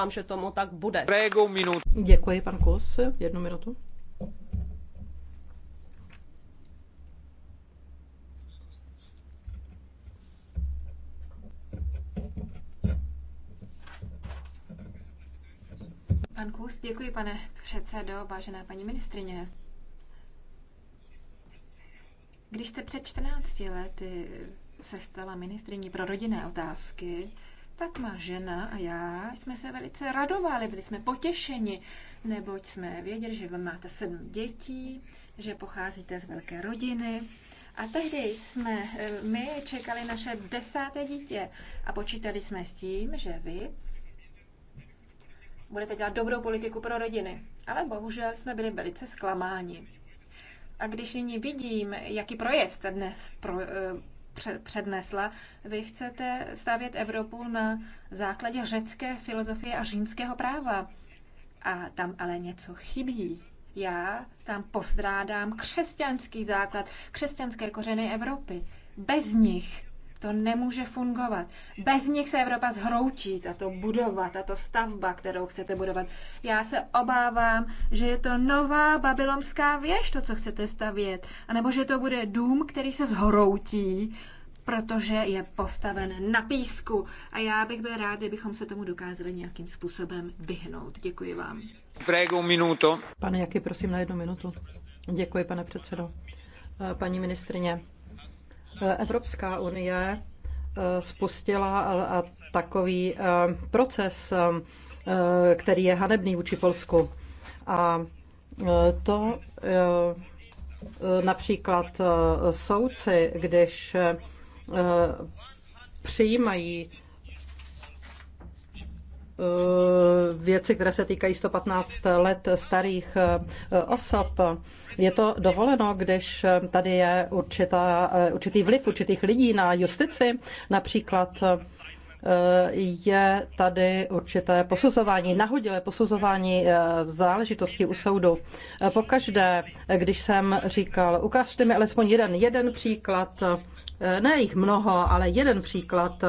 Doufám, že tomu tak bude. Děkuji, pan Kus. Jednu minutu. Pan Kus, děkuji, pane předsedo, vážená paní ministrině. Když jste před 14 lety se stala ministriní pro rodinné otázky, tak má žena a já jsme se velice radovali, byli jsme potěšeni, neboť jsme věděli, že vy máte sedm dětí, že pocházíte z velké rodiny. A tehdy jsme eh, my čekali naše desáté dítě a počítali jsme s tím, že vy budete dělat dobrou politiku pro rodiny. Ale bohužel jsme byli velice zklamáni. A když nyní vidím, jaký projev jste dnes pro, eh, přednesla. Vy chcete stavět Evropu na základě řecké filozofie a římského práva. A tam ale něco chybí. Já tam postrádám křesťanský základ, křesťanské kořeny Evropy. Bez nich to nemůže fungovat. Bez nich se Evropa zhroutí, tato budova, tato stavba, kterou chcete budovat. Já se obávám, že je to nová babylonská věž, to, co chcete stavět. A nebo že to bude dům, který se zhroutí, protože je postaven na písku. A já bych byl rád, kdybychom se tomu dokázali nějakým způsobem vyhnout. Děkuji vám. Pane Jaky, prosím na jednu minutu. Děkuji, pane předsedo. Paní ministrině, Evropská unie eh, spustila eh, takový eh, proces, který je hanebný vůči Polsku. A to například soudci, když přijímají Eh, věci, které se týkají 115 let starých eh, osob. Je to dovoleno, když tady je určitá, eh, určitý vliv určitých lidí na justici, například je tady určité posuzování, nahodilé posuzování záležitosti u soudu. Pokaždé, když jsem říkal, ukážte mi alespoň jeden, jeden příklad Eh, ne jich mnoho, ale jeden příklad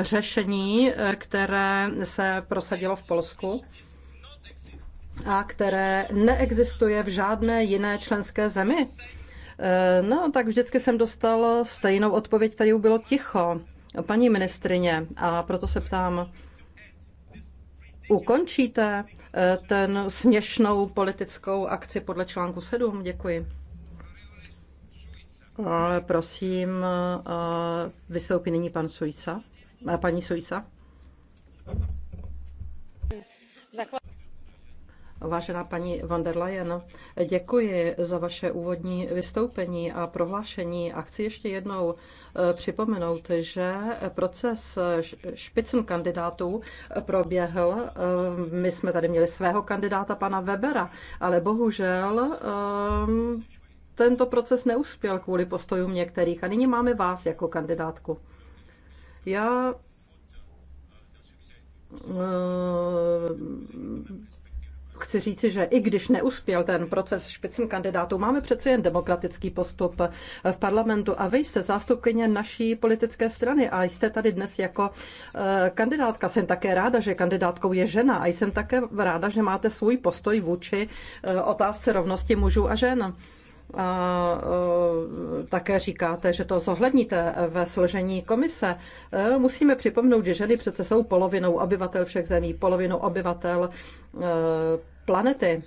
řešení, eh, které se prosadilo v Polsku a které neexistuje v žádné jiné členské zemi. Eh, no, tak vždycky jsem dostal stejnou odpověď, tady bylo ticho, paní ministrině, a proto se ptám, ukončíte ten směšnou politickou akci podle článku 7? Děkuji. Ale prosím, vystoupí nyní pan Suisa, paní Suisa. Vážená paní van der Leyen, děkuji za vaše úvodní vystoupení a prohlášení a chci ještě jednou e, připomenout, že proces špicn kandidátů proběhl. E, my jsme tady měli svého kandidáta, pana Webera, ale bohužel e, tento proces neuspěl kvůli postojům některých. A nyní máme vás jako kandidátku. Já eh, chci říci, že i když neuspěl ten proces špicen kandidátů, máme přeci jen demokratický postup v parlamentu a vy jste zástupkyně naší politické strany a jste tady dnes jako eh, kandidátka. Jsem také ráda, že kandidátkou je žena a jsem také ráda, že máte svůj postoj vůči eh, otázce rovnosti mužů a žen a e, také říkáte, že to zohledníte ve složení komise. E, musíme připomnout, že ženy přece jsou polovinou obyvatel všech zemí, polovinou obyvatel e, planety.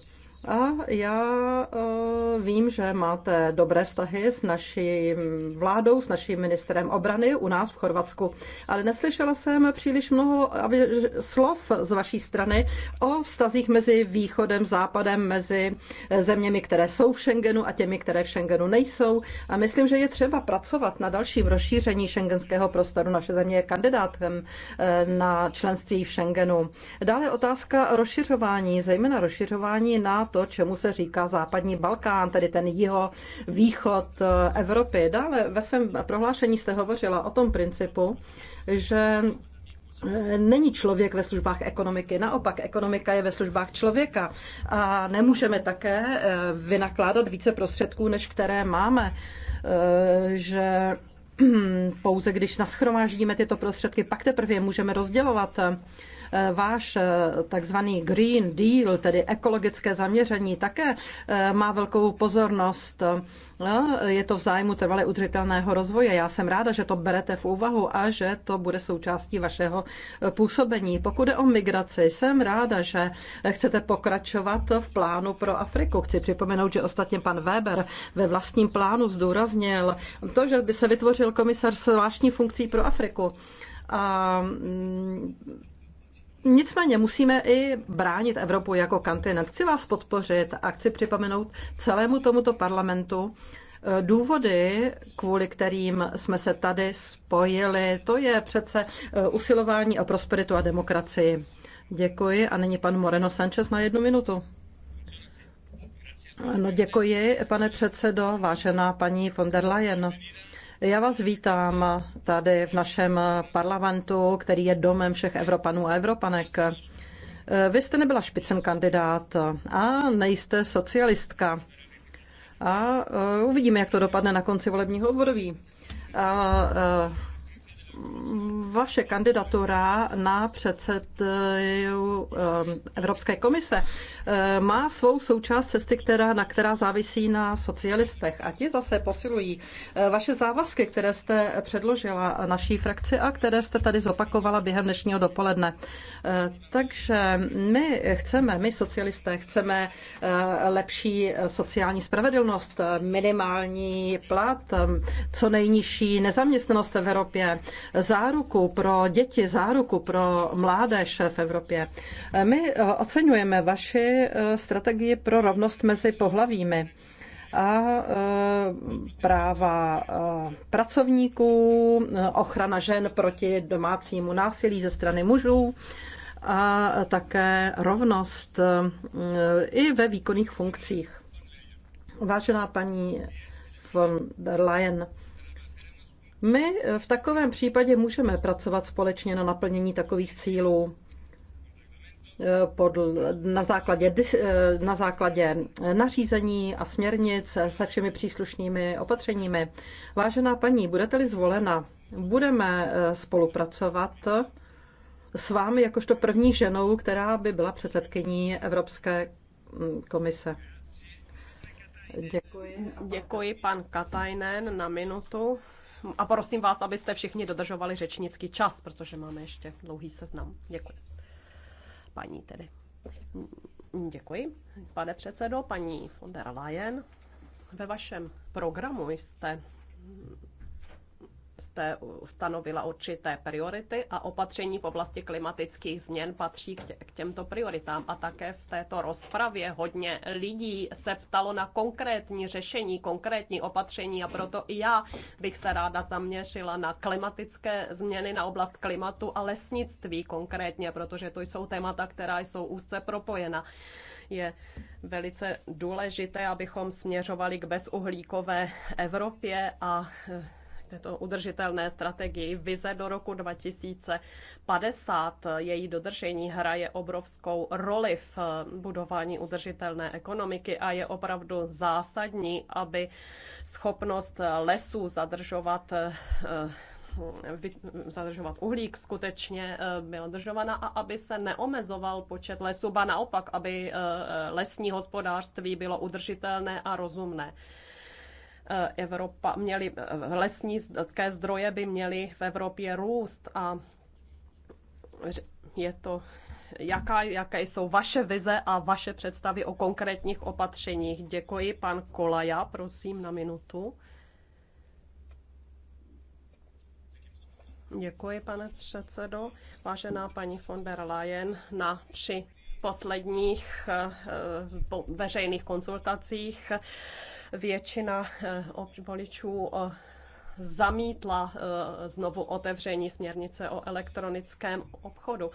A já e, vím, že máte dobré vztahy s naší vládou, s naším ministrem obrany u nás v Chorvatsku, ale neslyšela jsem příliš mnoho aby, slov z vaší strany o vztazích mezi východem, západem, mezi zeměmi, které jsou v Schengenu a těmi, které v Schengenu nejsou. A myslím, že je třeba pracovat na dalším rozšíření šengenského prostoru. Naše země je kandidátem e, na členství v Schengenu. Dále otázka rozšiřování, zejména rozšiřování na to, to, čemu se říká západní Balkán, tedy ten jeho východ eh, Evropy. Dále ve svém prohlášení jste hovořila o tom principu, že eh, Není člověk ve službách ekonomiky, naopak ekonomika je ve službách člověka a nemůžeme také eh, vynakládat více prostředků, než které máme, že pouze když nashromáždíme tyto prostředky, pak teprve je můžeme rozdělovat. Eh, váš eh, takzvaný Green Deal, tedy ekologické zaměření, také eh, má velkou pozornost. No, je to v zájmu trvale udržitelného rozvoje. Já jsem ráda, že to berete v úvahu a že to bude součástí vašeho působení. Pokud je o migraci, jsem ráda, že chcete pokračovat v plánu pro Afriku. Chci připomenout, že ostatně pan Weber ve vlastním plánu zdůraznil to, že by se vytvořil komisař s zvláštní funkcí pro Afriku. A mm, Nicméně musíme i bránit Evropu jako kontinent. Chci vás podpořit a chci připomenout celému tomuto parlamentu, eh, Důvody, kvůli kterým jsme se tady spojili, to je přece eh, usilování o prosperitu a demokracii. Děkuji a nyní pan Moreno Sanchez na jednu minutu. Ano, děkuji, pane předsedo, vážená paní von der Leyen. Já vás vítám tady v našem parlamentu, který je domem všech Evropanů a Evropanek. Vy jste nebyla špicen kandidát a nejste socialistka. A e, uvidíme, jak to dopadne na konci volebního období. A, a, e, vaše kandidatura na předsedu ehm, Evropské komise ehm, má svou součást cesty, která, na která závisí na socialistech. A ti zase posilují ehm, vaše závazky, které jste předložila naší frakci a které jste tady zopakovala během dnešního dopoledne. Takže my chceme, my socialisté, chceme lepší sociální spravedlnost, minimální plat, co nejnižší nezaměstnanost v Evropě, záruku pro děti, záruku pro mládež v Evropě. My eh, oceňujeme vaši eh, strategii pro rovnost mezi pohlavími a eh, práva pracovníků, ochrana žen proti domácímu násilí ze strany mužů a také rovnost i ve výkonných funkcích. Vážená paní von der Leyen, my eh, v takovém případě můžeme pracovat společně na naplnění takových cílů eh, pod na, základě, eh, na základě nařízení a směrnic se všemi příslušnými opatřeními. Vážená paní, budete-li zvolena, budeme spolupracovat s vámi jakožto první ženou, která by byla předsedkyní Evropské mm, komise. Děkuji. Děkuji pan Katajnen na minutu a prosím vás, abyste všichni dodržovali řečnický čas, protože máme ještě dlouhý seznam. Děkuji. Paní tedy. Děkuji, pane předsedo, paní von der Leyen. Ve vašem programu jste jste stanovila určité priority a opatření v oblasti klimatických změn patří k těmto prioritám. A také v této rozpravě hodně lidí se ptalo na konkrétní řešení, konkrétní opatření a proto i já bych se ráda zaměřila na klimatické změny, na oblast klimatu a lesnictví konkrétně, protože to jsou témata, která jsou úzce propojena je velice důležité, abychom směřovali k bezuhlíkové Evropě a eh, této udržitelné strategii. Vize do roku 2050, její dodržení hraje obrovskou roli v eh, budování udržitelné ekonomiky a je opravdu zásadní, aby schopnost lesů zadržovat eh, eh, zadržovat uhlík skutečně byla držována a aby se neomezoval počet lesů, ba naopak, aby lesní hospodářství bylo udržitelné a rozumné. Eh, Evropa měli, eh, lesní zdroje by měly v Evropě růst a je to jaká, jaké jsou vaše vize a vaše představy o konkrétních opatřeních. Děkuji, pan Kolaja, prosím na minutu. Děkuji, pane předsedo. Vážená paní von der Leyen, na při posledních eh, veřejných konzultacích Většina eh, voličů zamítla eh, znovu otevření směrnice o elektronickém obchodu.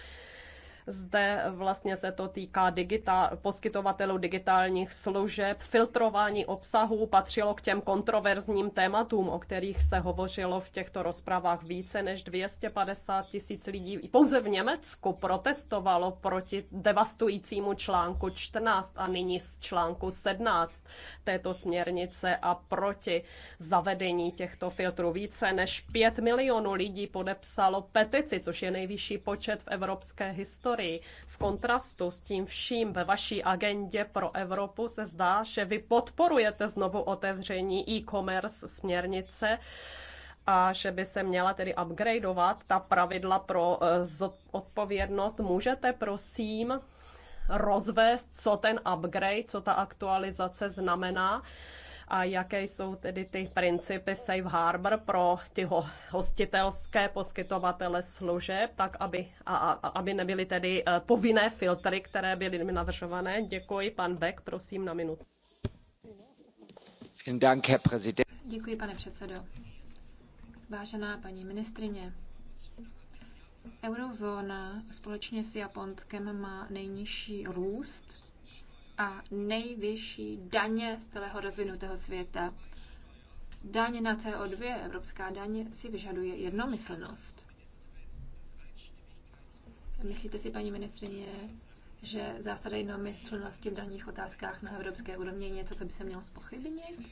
Zde vlastně se to týká digitál, poskytovatelů digitálních služeb. Filtrování obsahu patřilo k těm kontroverzním tématům, o kterých se hovořilo v těchto rozpravách. Více než 250 tisíc lidí pouze v Německu protestovalo proti devastujícímu článku 14 a nyní z článku 17 této směrnice a proti zavedení těchto filtrů. Více než 5 milionů lidí podepsalo petici, což je nejvyšší počet v evropské historii historii. V kontrastu s tím vším ve vaší agendě pro Evropu se zdá, že vy podporujete znovu otevření e-commerce směrnice a že by se měla tedy upgradeovat ta pravidla pro eh, odpovědnost. Můžete prosím rozvést, co ten upgrade, co ta aktualizace znamená? a jaké jsou tedy ty principy Safe Harbor pro ty hostitelské poskytovatele služeb, tak aby, a, a, aby nebyly tedy eh, povinné filtry, které byly navržované. Děkuji, pan Beck, prosím na minutu. Děkuji, pane předsedo. Vážená paní ministrině, eurozóna společně s Japonskem má nejnižší růst a nejvyšší daně z celého rozvinutého světa. daně na CO2, evropská daně si vyžaduje jednomyslnost. Myslíte si, paní ministrině, že zásada jednomyslnosti v daných otázkách na evropské úrovni je něco, co by se mělo spochybnit?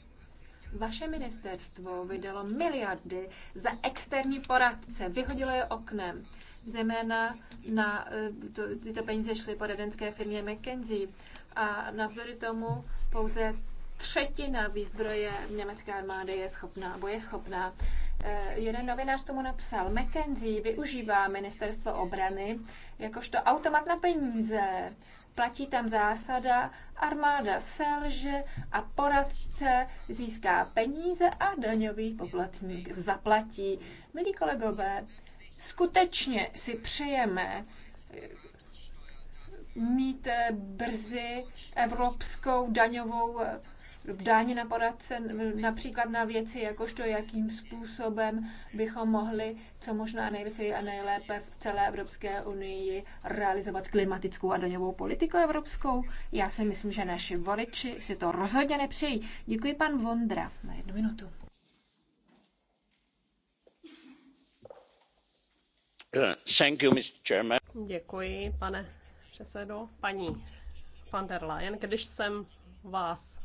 Vaše ministerstvo vydalo miliardy za externí poradce, vyhodilo je oknem zejména na e, to, tyto peníze šly po radenské firmě McKenzie. A navzory tomu pouze třetina výzbroje německé armády je schopná, schopná. E, jeden novinář tomu napsal, McKenzie využívá ministerstvo obrany jakožto automat na peníze. Platí tam zásada, armáda selže a poradce získá peníze a daňový poplatník zaplatí. Milí kolegové, skutečně si přejeme eh, mít eh, brzy evropskou daňovou eh, daň na poradce například na věci, jakožto jakým způsobem bychom mohli co možná nejrychleji a nejlépe v celé Evropské unii realizovat klimatickou a daňovou politiku evropskou. Já si myslím, že naši voliči si to rozhodně nepřejí. Děkuji pan Vondra na jednu minutu. Děkuji, pane předsedající Paní von der leyenová když jsem vás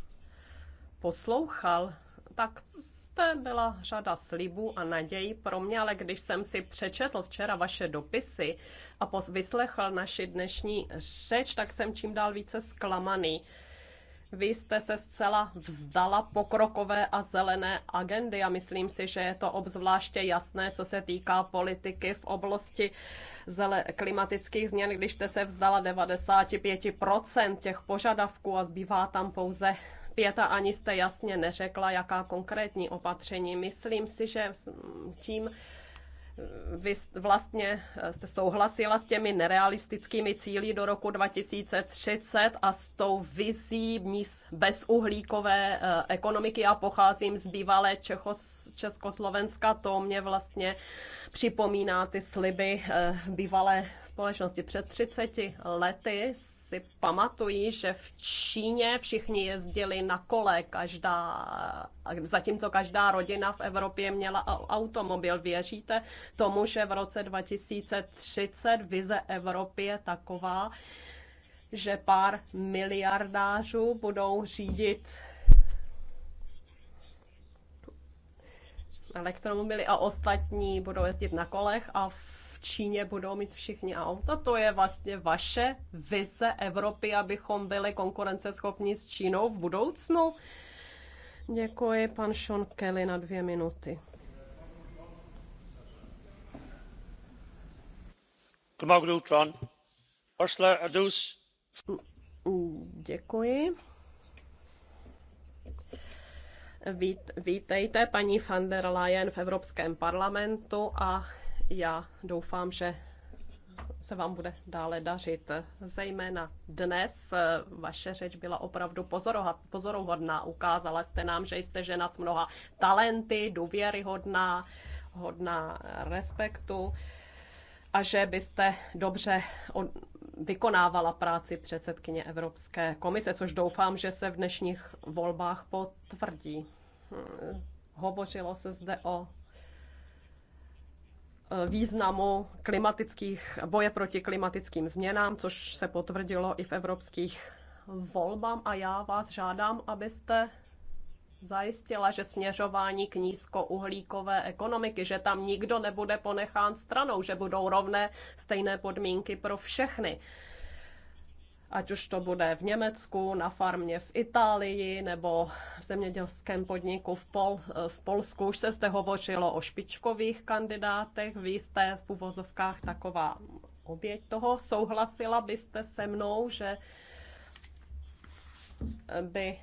poslouchal, tak zde byla řada slibů a nadějí pro mě, ale když jsem si přečetl včera vaše dopisy a vyslechl naši dnešní řeč, tak jsem čím dál více zklamaný. Vy jste se zcela vzdala pokrokové a zelené agendy a myslím si, že je to obzvláště jasné, co se týká politiky v oblasti klimatických změn, když jste se vzdala 95% těch požadavků a zbývá tam pouze pěta, ani jste jasně neřekla, jaká konkrétní opatření. Myslím si, že tím vy vlastně eh, jste souhlasila s těmi nerealistickými cíly do roku 2030 a s tou vizí bezuhlíkové eh, ekonomiky. Já pocházím z bývalé Čechos, Československa, to mě vlastně připomíná ty sliby eh, bývalé společnosti. Před 30 lety si pamatují, že v Číně všichni jezdili na kole, každá, zatímco každá rodina v Evropě měla automobil. Věříte tomu, že v roce 2030 vize Evropy je taková, že pár miliardářů budou řídit elektromobily a ostatní budou jezdit na kolech a v Číně budou mít všichni auta. To je vlastně vaše vize Evropy, abychom byli konkurenceschopní s Čínou v budoucnu. Děkuji, pan Sean Kelly, na dvě minuty. Děkuji. Vítejte paní van der Leyen v Evropském parlamentu a já doufám, že se vám bude dále dařit. Zejména dnes eh, vaše řeč byla opravdu pozoruhodná. Ukázala jste nám, že jste žena s mnoha talenty, důvěryhodná, hodná respektu a že byste dobře vykonávala práci předsedkyně Evropské komise, což doufám, že se v dnešních volbách potvrdí. Hm, hovořilo se zde o Eh, významu klimatických, boje proti klimatickým změnám, což se potvrdilo i v evropských volbám a já vás žádám, abyste zajistila, že směřování k nízkouhlíkové ekonomiky, že tam nikdo nebude ponechán stranou, že budou rovné stejné podmínky pro všechny ať už to bude v Německu, na farmě v Itálii nebo v zemědělském podniku v, Pol, v Polsku. Už se zde hovořilo o špičkových kandidátech, vy jste v uvozovkách taková oběť toho. Souhlasila byste se mnou, že by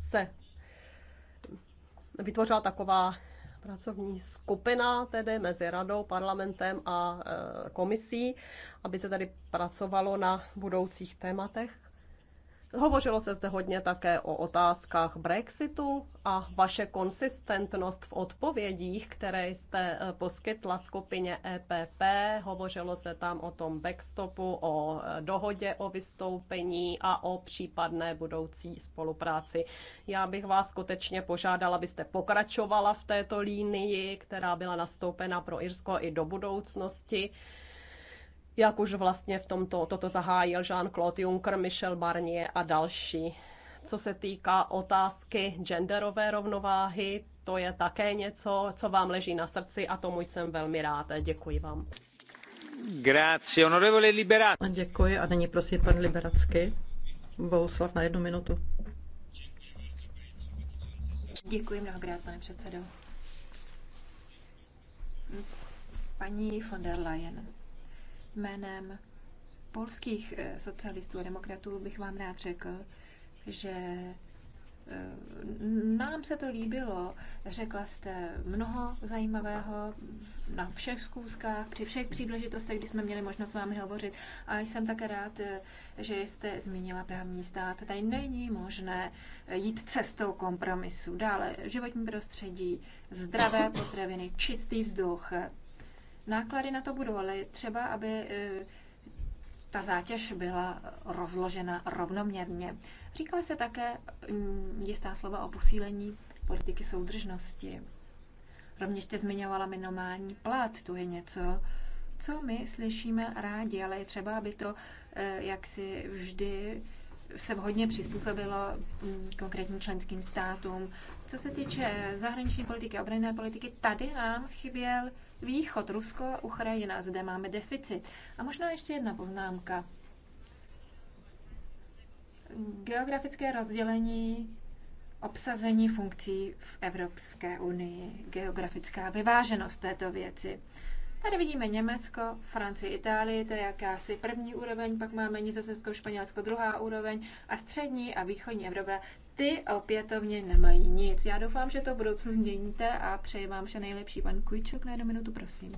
se vytvořila taková pracovní skupina tedy mezi radou, parlamentem a e, komisí, aby se tady pracovalo na budoucích tématech Hovořilo se zde hodně také o otázkách Brexitu a vaše konsistentnost v odpovědích, které jste eh, poskytla skupině EPP. Hovořilo se tam o tom backstopu, o eh, dohodě o vystoupení a o případné budoucí spolupráci. Já bych vás skutečně požádala, abyste pokračovala v této línii, která byla nastoupena pro Irsko i do budoucnosti jak už vlastně v tomto toto zahájil Jean-Claude Juncker, Michel Barnier a další. Co se týká otázky genderové rovnováhy, to je také něco, co vám leží na srdci a tomu jsem velmi rád. Děkuji vám. Grazie, onorevole Liberacki. Děkuji a nyní prosím pan Liberacky. Bohuslav na jednu minutu. Děkuji mnohokrát, pane předsedo. Paní von der Leyen, Jménem polských eh, socialistů a demokratů bych vám rád řekl, že eh, nám se to líbilo. Řekla jste mnoho zajímavého na všech zkouškách, při všech příležitostech, kdy jsme měli možnost s vámi hovořit. A jsem také rád, eh, že jste zmínila právní stát. Tady není možné jít cestou kompromisu. Dále životní prostředí, zdravé potraviny, čistý vzduch, náklady na to budou, ale třeba, aby e, ta zátěž byla rozložena rovnoměrně. Říkala se také mm, jistá slova o posílení politiky soudržnosti. Rovněž jste zmiňovala minimální plat, to je něco, co my slyšíme rádi, ale je třeba, aby to e, jaksi vždy se vhodně přizpůsobilo mm, konkrétním členským státům. Co se týče zahraniční politiky a obranné politiky, tady nám chyběl Východ, Rusko a Ukrajina, zde máme deficit. A možná ještě jedna poznámka. Geografické rozdělení obsazení funkcí v Evropské unii, geografická vyváženost této věci. Tady vidíme Německo, Francii, Itálii, to je jakási první úroveň, pak máme Nizozemsko, Španělsko, druhá úroveň a střední a východní Evropa, ty opětovně nemají nic. Já doufám, že to v budoucnu změníte a přeji vám vše nejlepší. Pan Kujčuk na jednu minutu, prosím.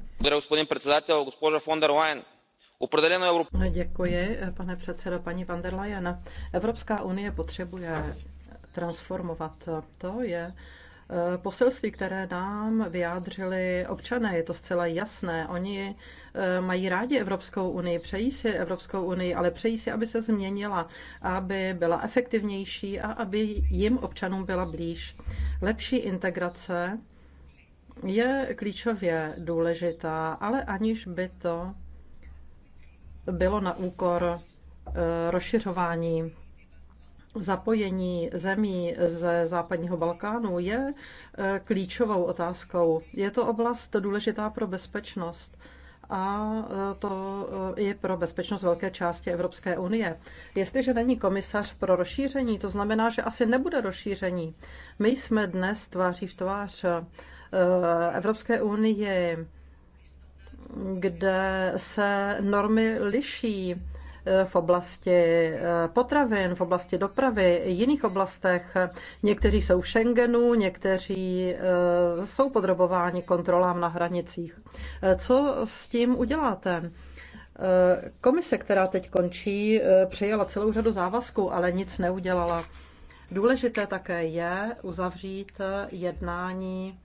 No, děkuji, pane předsedo, paní van der Leyen. Evropská unie potřebuje transformovat. To je eh, poselství, které nám vyjádřili občané. Je to zcela jasné. Oni Eh, mají rádi Evropskou unii, přejí si Evropskou unii, ale přejí si, aby se změnila, aby byla efektivnější a aby jim občanům byla blíž. Lepší integrace je klíčově důležitá, ale aniž by to bylo na úkor eh, rozšiřování zapojení zemí ze západního Balkánu je eh, klíčovou otázkou. Je to oblast důležitá pro bezpečnost a e, to je pro bezpečnost velké části Evropské unie. Jestliže není komisař pro rozšíření, to znamená, že asi nebude rozšíření. My jsme dnes tváří v tvář e, Evropské unii, kde se normy liší Eh, v oblasti eh, potravin, v oblasti dopravy, jiných oblastech. Někteří jsou v Schengenu, někteří eh, jsou podrobováni kontrolám na hranicích. Co s tím uděláte? Komise, která teď končí, přijala celou řadu závazků, ale nic neudělala. Důležité také je uzavřít jednání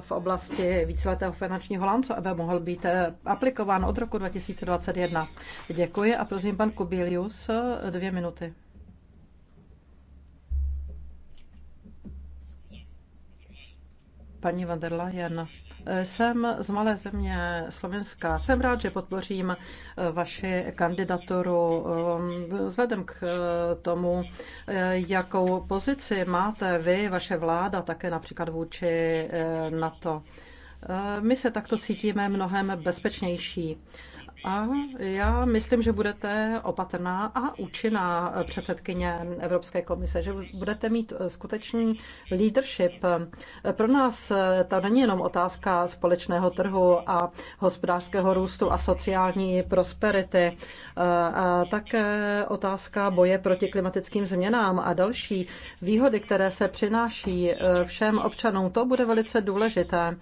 v oblasti víceletého finančního lánce, aby mohl být eh, aplikován od roku 2021. Děkuji a prosím pan Kubilius eh, dvě minuty. Paní van der Leyen. Jsem z malé země Slovenska. Jsem rád, že podpořím eh, vaši kandidaturu eh, vzhledem k eh, tomu, jakou pozici máte vy, vaše vláda, také například vůči NATO. My se takto cítíme mnohem bezpečnější. A já myslím, že budete opatrná a účinná eh, předsedkyně Evropské komise, že budete mít eh, skutečný leadership. Eh, pro nás to není jenom otázka společného trhu a hospodářského růstu a sociální prosperity, a také otázka boje proti klimatickým změnám a další výhody, které se přináší všem občanům. To bude velice důležité.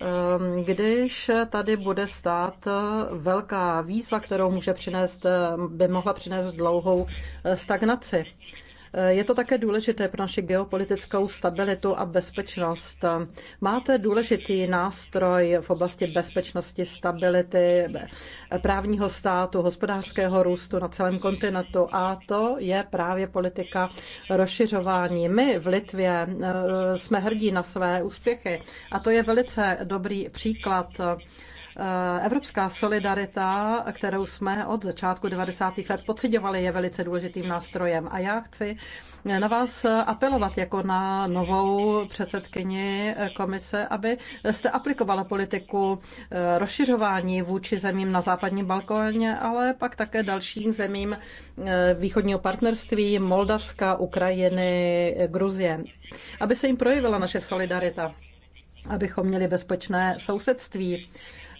Ehm, když tady bude stát eh, velká výzva, kterou může přinést, eh, by mohla přinést dlouhou eh, stagnaci. Eh, je to také důležité pro naši geopolitickou stabilitu a bezpečnost. Máte důležitý nástroj v oblasti bezpečnosti, stability, eh, právního státu, hospodářského růstu na celém kontinentu a to je právě politika rozšiřování. My v Litvě eh, jsme hrdí na své úspěchy a to je velice dobrý příklad Eh, evropská solidarita, kterou jsme od začátku 90. let pocitovali, je velice důležitým nástrojem. A já chci na vás apelovat jako na novou předsedkyni komise, aby jste aplikovala politiku eh, rozšiřování vůči zemím na západním Balkóně, ale pak také dalším zemím eh, východního partnerství, Moldavska, Ukrajiny, Gruzie, aby se jim projevila naše solidarita abychom měli bezpečné sousedství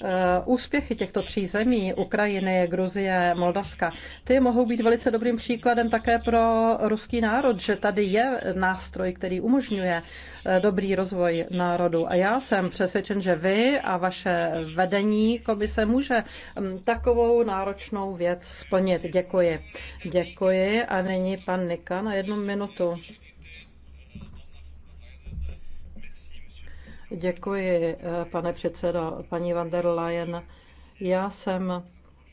Eh, úspěchy těchto tří zemí, Ukrajiny, Gruzie, Moldavska, ty mohou být velice dobrým příkladem také pro ruský národ, že tady je nástroj, který umožňuje eh, dobrý rozvoj národu. A já jsem přesvědčen, že vy a vaše vedení komise může hm, takovou náročnou věc splnit. Děkuji. Děkuji a nyní pan Nika na jednu minutu. Děkuji, eh, pane předsedo, paní van der Leyen. Já jsem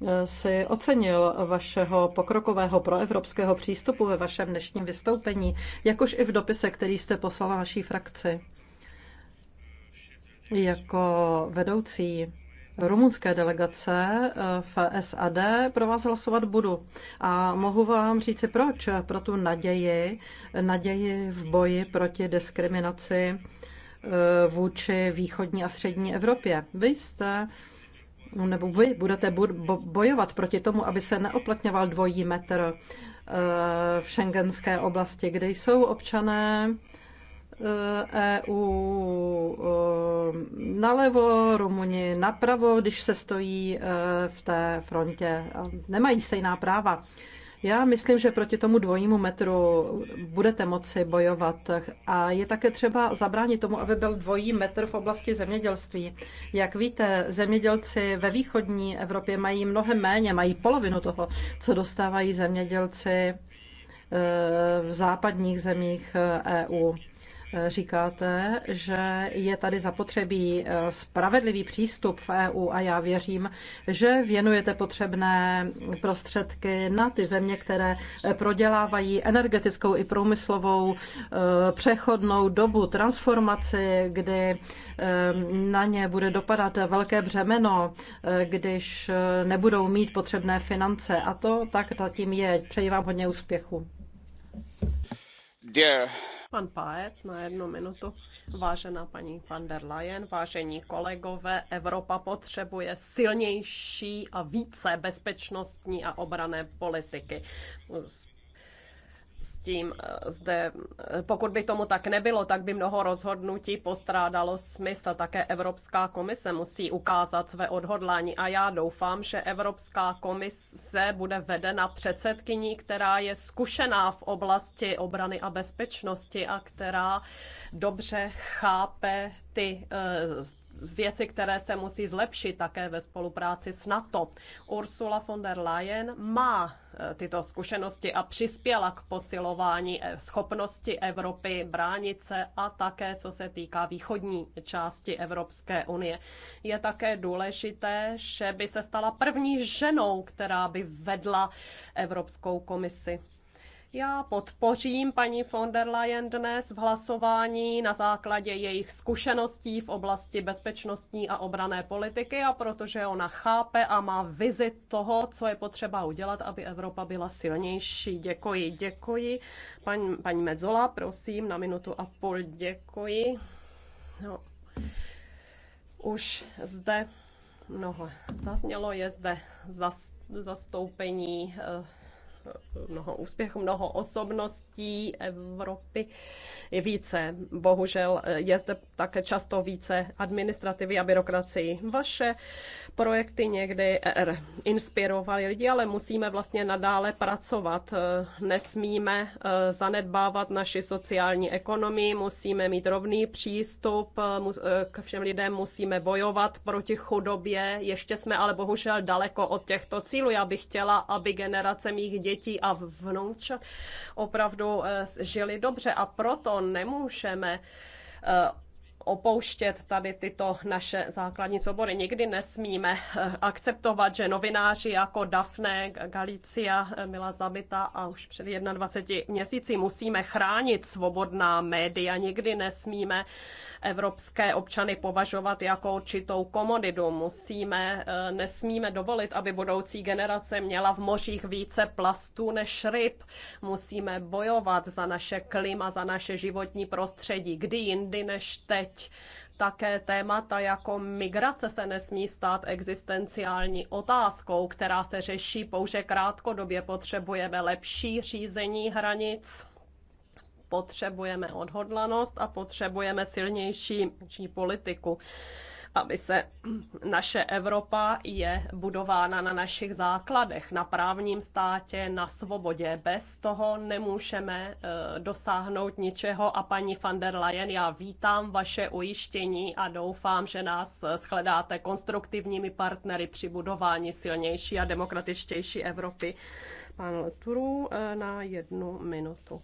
eh, si ocenil vašeho pokrokového proevropského přístupu ve vašem dnešním vystoupení, jakož i v dopise, který jste poslala naší frakci. Jako vedoucí rumunské delegace eh, v SAD pro vás hlasovat budu. A mohu vám říci proč. Pro tu naději, naději v boji proti diskriminaci Eh, vůči východní a střední Evropě. Vy jste nebo vy budete bojovat proti tomu, aby se neoplatňoval dvojí metr eh, v šengenské oblasti, kde jsou občané EU eh, e nalevo, Rumuni napravo, když se stojí v té frontě. Nemají stejná práva. Já myslím, že proti tomu dvojímu metru budete moci bojovat a je také třeba zabránit tomu, aby byl dvojí metr v oblasti zemědělství. Jak víte, zemědělci ve východní Evropě mají mnohem méně, mají polovinu toho, co dostávají zemědělci eh, v západních zemích EU. Eh, e Říkáte, že je tady zapotřebí eh, spravedlivý přístup v EU a já věřím, že věnujete potřebné prostředky na ty země, které eh, prodělávají energetickou i průmyslovou eh, přechodnou dobu, transformaci, kdy na ně bude dopadat velké břemeno, když nebudou mít potřebné finance. A to tak zatím je. Přeji vám hodně úspěchu. Dear Pan Paet na jednu minutu. Vážená paní van der Leyen, vážení kolegové, Evropa potřebuje silnější a více bezpečnostní a obrané politiky s tím eh, zde, eh, pokud by tomu tak nebylo, tak by mnoho rozhodnutí postrádalo smysl. Také Evropská komise musí ukázat své odhodlání a já doufám, že Evropská komise bude vedena předsedkyní, která je zkušená v oblasti obrany a bezpečnosti a která dobře chápe ty eh, věci, které se musí zlepšit také ve spolupráci s NATO. Ursula von der Leyen má e, tyto zkušenosti a přispěla k posilování e, schopnosti Evropy bránit se a také co se týká východní části Evropské unie. Je také důležité, že by se stala první ženou, která by vedla Evropskou komisi. Já podpořím paní von der Leyen dnes v hlasování na základě jejich zkušeností v oblasti bezpečnostní a obrané politiky a protože ona chápe a má vizi toho, co je potřeba udělat, aby Evropa byla silnější. Děkuji, děkuji. Paní, paní Medzola, prosím, na minutu a půl děkuji. No. Už zde mnoho zaznělo, je zde zastoupení eh, mnoho úspěchů, mnoho osobností Evropy je více. Bohužel je zde také často více administrativy a byrokracii. Vaše projekty někdy er, inspirovaly lidi, ale musíme vlastně nadále pracovat. Nesmíme eh, zanedbávat naši sociální ekonomii, musíme mít rovný přístup eh, eh, k všem lidem, musíme bojovat proti chudobě. Ještě jsme ale bohužel daleko od těchto cílů. Já bych chtěla, aby generace mých dětí dětí a vnoučat opravdu eh, žili dobře a proto nemůžeme eh, opouštět tady tyto naše základní svobody. Nikdy nesmíme eh, akceptovat, že novináři jako Dafne Galicia byla zabita a už před 21 měsíci musíme chránit svobodná média. Nikdy nesmíme evropské občany považovat jako určitou komoditu. Musíme, eh, nesmíme dovolit, aby budoucí generace měla v mořích více plastů než ryb. Musíme bojovat za naše klima, za naše životní prostředí, kdy jindy než teď také témata jako migrace se nesmí stát existenciální otázkou, která se řeší pouze krátkodobě. Potřebujeme lepší řízení hranic, Potřebujeme odhodlanost a potřebujeme silnější politiku aby se naše Evropa je budována na našich základech, na právním státě, na svobodě. Bez toho nemůžeme eh, dosáhnout ničeho a paní van der Leyen, já vítám vaše ujištění a doufám, že nás eh, shledáte konstruktivními partnery při budování silnější a demokratičtější Evropy. Pan Leturu eh, na jednu minutu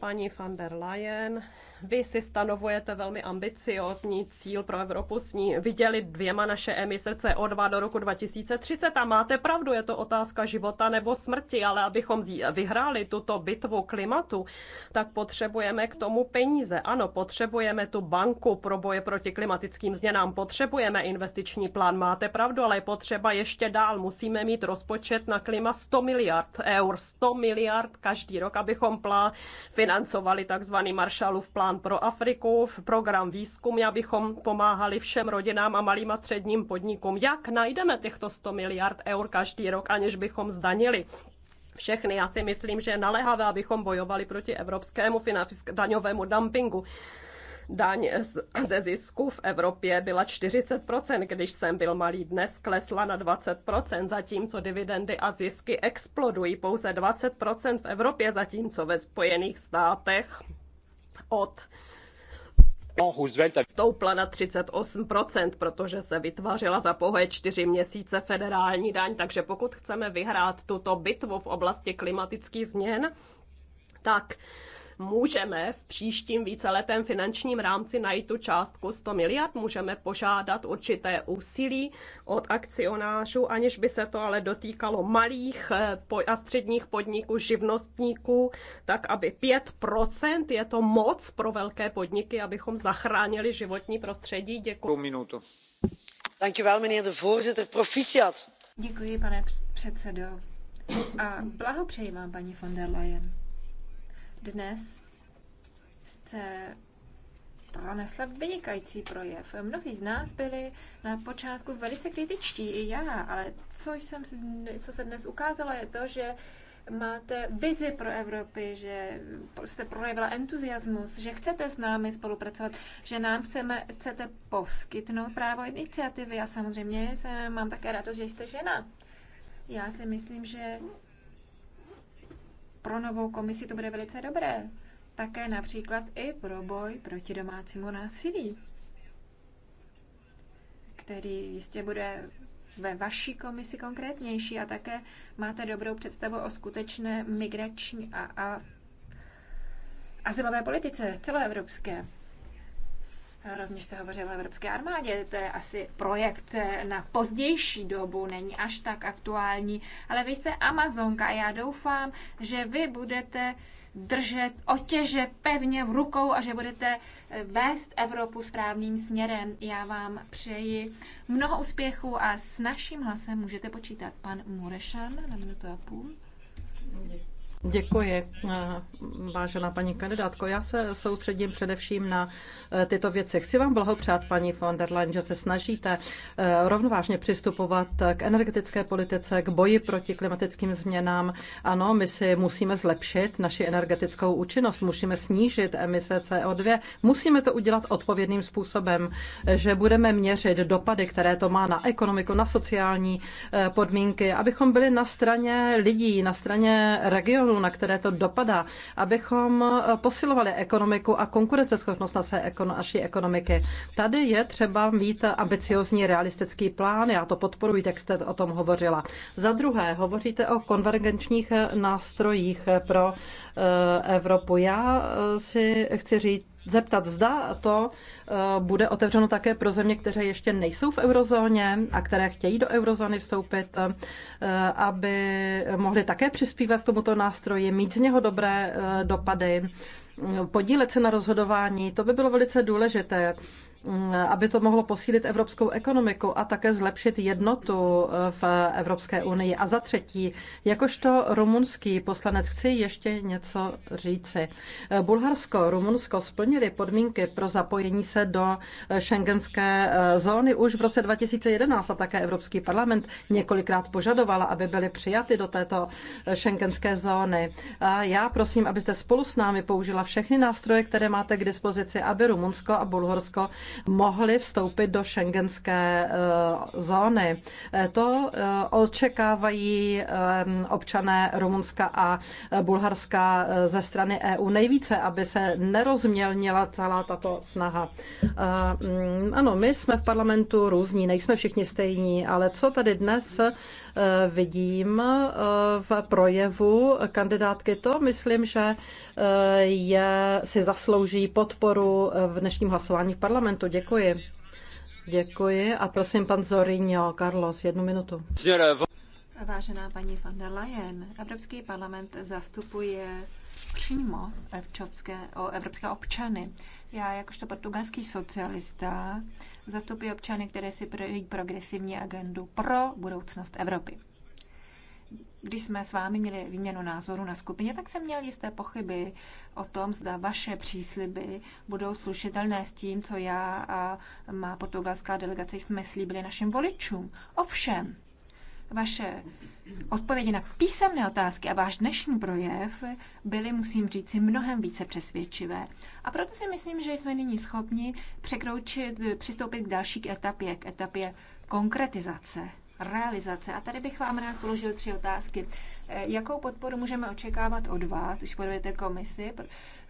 paní van der Leyen vy si stanovujete velmi ambiciozní cíl pro Evropu, s ní viděli dvěma naše emise CO2 do roku 2030 a máte pravdu, je to otázka života nebo smrti, ale abychom vyhráli tuto bitvu klimatu, tak potřebujeme k tomu peníze. Ano, potřebujeme tu banku pro boje proti klimatickým změnám, potřebujeme investiční plán, máte pravdu, ale je potřeba ještě dál. Musíme mít rozpočet na klima 100 miliard eur, 100 miliard každý rok, abychom plá financovali takzvaný Marshallův plán plán pro Afriku, v program výzkum, abychom pomáhali všem rodinám a malým a středním podnikům. Jak najdeme těchto 100 miliard eur každý rok, aniž bychom zdanili? všechny. Já si myslím, že je naléhavé, abychom bojovali proti evropskému daňovému dumpingu daň ze zisku v Evropě byla 40%, když jsem byl malý. Dnes klesla na 20%, zatímco dividendy a zisky explodují pouze 20% v Evropě, zatímco ve Spojených státech od stoupla na 38%, protože se vytvářela za pouhé čtyři měsíce federální daň. Takže pokud chceme vyhrát tuto bitvu v oblasti klimatických změn, tak můžeme v příštím víceletém finančním rámci najít tu částku 100 miliard, můžeme požádat určité úsilí od akcionářů, aniž by se to ale dotýkalo malých eh, a středních podniků, živnostníků, tak aby 5% je to moc pro velké podniky, abychom zachránili životní prostředí. Děkuji. Minutu. Děkuji, pane předsedo. A blahopřeji vám, paní von der Leyen dnes jste pronesla vynikající projev. Mnozí z nás byli na počátku velice kritičtí, i já, ale co, jsem, co se dnes ukázalo, je to, že máte vizi pro Evropy, že jste projevila entuziasmus, že chcete s námi spolupracovat, že nám chceme, chcete poskytnout právo iniciativy a samozřejmě jsem, mám také radost, že jste žena. Já si myslím, že pro novou komisi to bude velice dobré. Také například i pro boj proti domácímu násilí, který jistě bude ve vaší komisi konkrétnější a také máte dobrou představu o skutečné migrační a, a azylové politice celoevropské. Rovněž jste hovořil o Evropské armádě, to je asi projekt na pozdější dobu, není až tak aktuální, ale vy jste Amazonka a já doufám, že vy budete držet otěže pevně v rukou a že budete eh, vést Evropu správným směrem. Já vám přeji mnoho úspěchů a s naším hlasem můžete počítat. Pan Murešan na minutu a půl. Děkuji. Děkuji, eh, vážená paní kandidátko. Já se soustředím především na eh, tyto věci. Chci vám blahopřát, paní von der Leyen, že se snažíte eh, rovnovážně přistupovat k energetické politice, k boji proti klimatickým změnám. Ano, my si musíme zlepšit naši energetickou účinnost, musíme snížit emise CO2, musíme to udělat odpovědným způsobem, že budeme měřit dopady, které to má na ekonomiku, na sociální podmínky, abychom byli na straně lidí, na straně regionů sektorů, na které to dopadá, abychom eh, posilovali ekonomiku a konkurenceschopnost naší ekonomiky. Tady je třeba mít ambiciozní realistický plán, já to podporuji, jak jste o tom hovořila. Za druhé, hovoříte o konvergenčních eh, nástrojích eh, pro Evropu. Já si chci říct, zeptat, zda to eh, bude otevřeno také pro země, které ještě nejsou v eurozóně a které chtějí do eurozóny vstoupit, eh, aby mohly také přispívat k tomuto nástroji, mít z něho dobré eh, dopady podílet se na rozhodování, to by bylo velice důležité. Eh, aby to mohlo posílit evropskou ekonomiku a také zlepšit jednotu eh, v Evropské unii. A za třetí, jakožto rumunský poslanec chci ještě něco říci. Eh, Bulharsko, Rumunsko splnili podmínky pro zapojení se do šengenské zóny už v roce 2011 a také Evropský parlament několikrát požadovala, aby byly přijaty do této šengenské zóny. A já prosím, abyste spolu s námi použila všechny nástroje, které máte k dispozici, aby Rumunsko a Bulharsko mohli vstoupit do šengenské eh, zóny. Eh, to eh, očekávají občané Rumunska a Bulharska ze strany EU nejvíce, aby se nerozmělnila celá tato snaha. Mm, ano, my jsme v parlamentu různí, nejsme všichni stejní, ale co tady dnes Eh, vidím eh, v projevu kandidátky, to myslím, že eh, je, si zaslouží podporu v dnešním hlasování v parlamentu. Děkuji. Děkuji a prosím pan Zorinho, Carlos, jednu minutu. Vážená paní van der Leyen, Evropský parlament zastupuje přímo evropské, o evropské občany. Já jakožto portugalský socialista zastupuji občany, které si projí progresivní agendu pro budoucnost Evropy. Když jsme s vámi měli výměnu názoru na skupině, tak jsem měl jisté pochyby o tom, zda vaše přísliby budou slušitelné s tím, co já a má portugalská delegace jsme slíbili našim voličům. Ovšem, vaše odpovědi na písemné otázky a váš dnešní projev byly, musím říct, si mnohem více přesvědčivé. A proto si myslím, že jsme nyní schopni překročit, přistoupit k další etapě, k etapě konkretizace realizace. A tady bych vám rád položil tři otázky. E, jakou podporu můžeme očekávat od vás, když podvedete komisi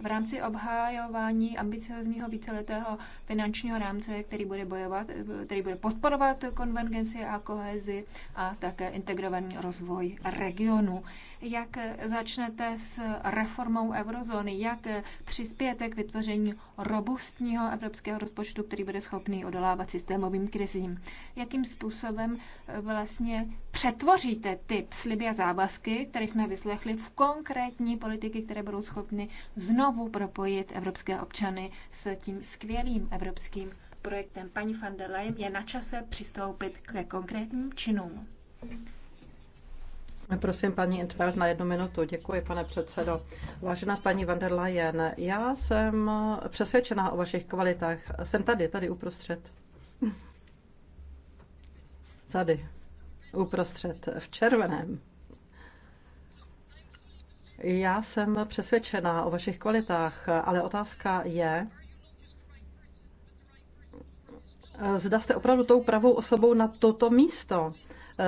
v rámci obhájování ambiciozního víceletého finančního rámce, který bude bojovat, který bude podporovat konvergenci a kohezi a také integrovaný rozvoj regionu. Jak začnete s reformou eurozóny? Jak přispějete k vytvoření robustního evropského rozpočtu, který bude schopný odolávat systémovým krizím? Jakým způsobem eh, vlastně přetvoříte ty sliby a závazky, které jsme vyslechli, v konkrétní politiky, které budou schopny znovu znovu propojit evropské občany s tím skvělým evropským projektem. Paní van der Leyen je na čase přistoupit ke konkrétním činům. Prosím, paní Intveld, na jednu minutu. Děkuji, pane předsedo. Vážená paní van der Leyen, já jsem přesvědčená o vašich kvalitách. Jsem tady, tady uprostřed. Tady, uprostřed, v červeném. Já jsem přesvědčená o vašich kvalitách, ale otázka je, zda jste opravdu tou pravou osobou na toto místo.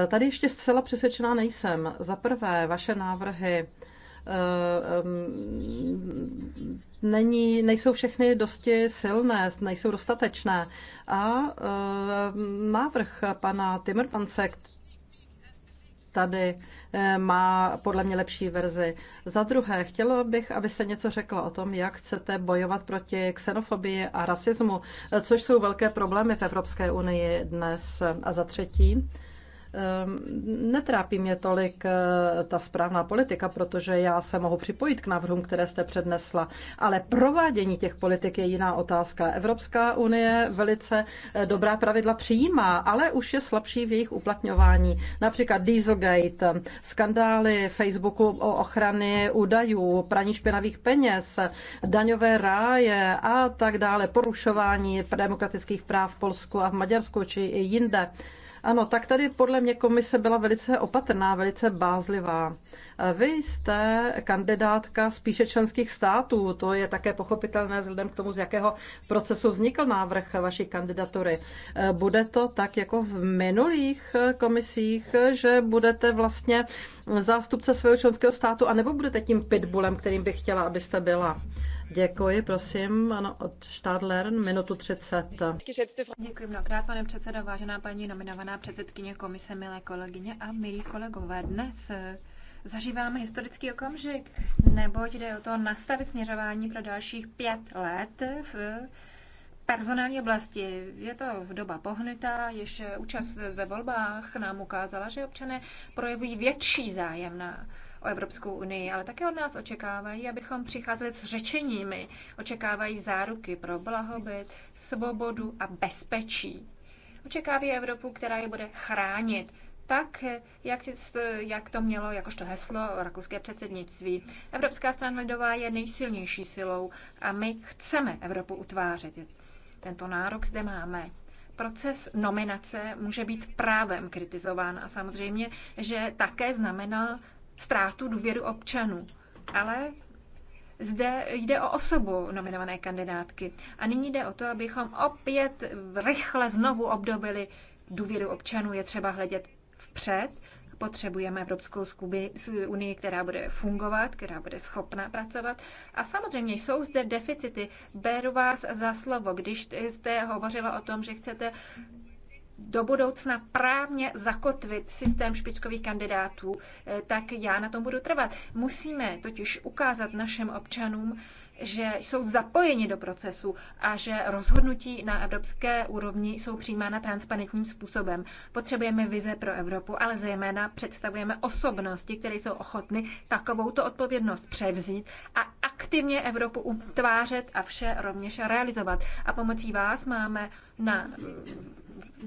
Tady ještě zcela přesvědčená nejsem. Za prvé, vaše návrhy eh, mm, není, nejsou všechny dosti silné, nejsou dostatečné. A eh, návrh pana Timmermanse, tady eh, má podle mě lepší verzi. Za druhé, chtěla bych, aby se něco řeklo o tom, jak chcete bojovat proti xenofobii a rasismu, což jsou velké problémy v Evropské unii dnes. A za třetí, Ehm, netrápí mě tolik eh, ta správná politika, protože já se mohu připojit k návrhům, které jste přednesla, ale provádění těch politik je jiná otázka. Evropská unie velice eh, dobrá pravidla přijímá, ale už je slabší v jejich uplatňování. Například Dieselgate, eh, skandály Facebooku o ochrany údajů, praní špinavých peněz, daňové ráje a tak dále, porušování demokratických práv v Polsku a v Maďarsku či i jinde. Ano, tak tady podle mě komise byla velice opatrná, velice bázlivá. Eh, vy jste kandidátka spíše členských států, to je také pochopitelné vzhledem k tomu, z jakého procesu vznikl návrh vaší kandidatury. Eh, bude to tak jako v minulých komisích, že budete vlastně zástupce svého členského státu, anebo budete tím pitbulem, kterým bych chtěla, abyste byla? Děkuji, prosím, ano, od Stadler, minutu 30. Děkuji mnohokrát, pane předsedo, vážená paní nominovaná předsedkyně komise, milé kolegyně a milí kolegové. Dnes eh, zažíváme historický okamžik, neboť jde o to nastavit směřování pro dalších pět let v personální oblasti je to doba pohnutá, již účast ve volbách nám ukázala, že občané projevují větší zájem na o Evropskou unii, ale také od nás očekávají, abychom přicházeli s řečeními. Očekávají záruky pro blahobyt, svobodu a bezpečí. Očekávají Evropu, která je bude chránit, tak, jak, si, jak to mělo jakožto heslo rakouské předsednictví. Evropská strana lidová je nejsilnější silou a my chceme Evropu utvářet. Tento nárok zde máme. Proces nominace může být právem kritizován a samozřejmě, že také znamenal ztrátu důvěru občanů. Ale zde jde o osobu nominované kandidátky. A nyní jde o to, abychom opět rychle znovu obdobili důvěru občanů. Je třeba hledět vpřed Potřebujeme Evropskou unii, která bude fungovat, která bude schopná pracovat. A samozřejmě jsou zde deficity. Beru vás za slovo, když jste hovořila o tom, že chcete do budoucna právně zakotvit systém špičkových kandidátů, eh, tak já na tom budu trvat. Musíme totiž ukázat našim občanům, že jsou zapojeni do procesu a že rozhodnutí na evropské úrovni jsou přijímána transparentním způsobem. Potřebujeme vize pro Evropu, ale zejména představujeme osobnosti, které jsou ochotny takovouto odpovědnost převzít a aktivně Evropu utvářet a vše rovněž realizovat. A pomocí vás máme na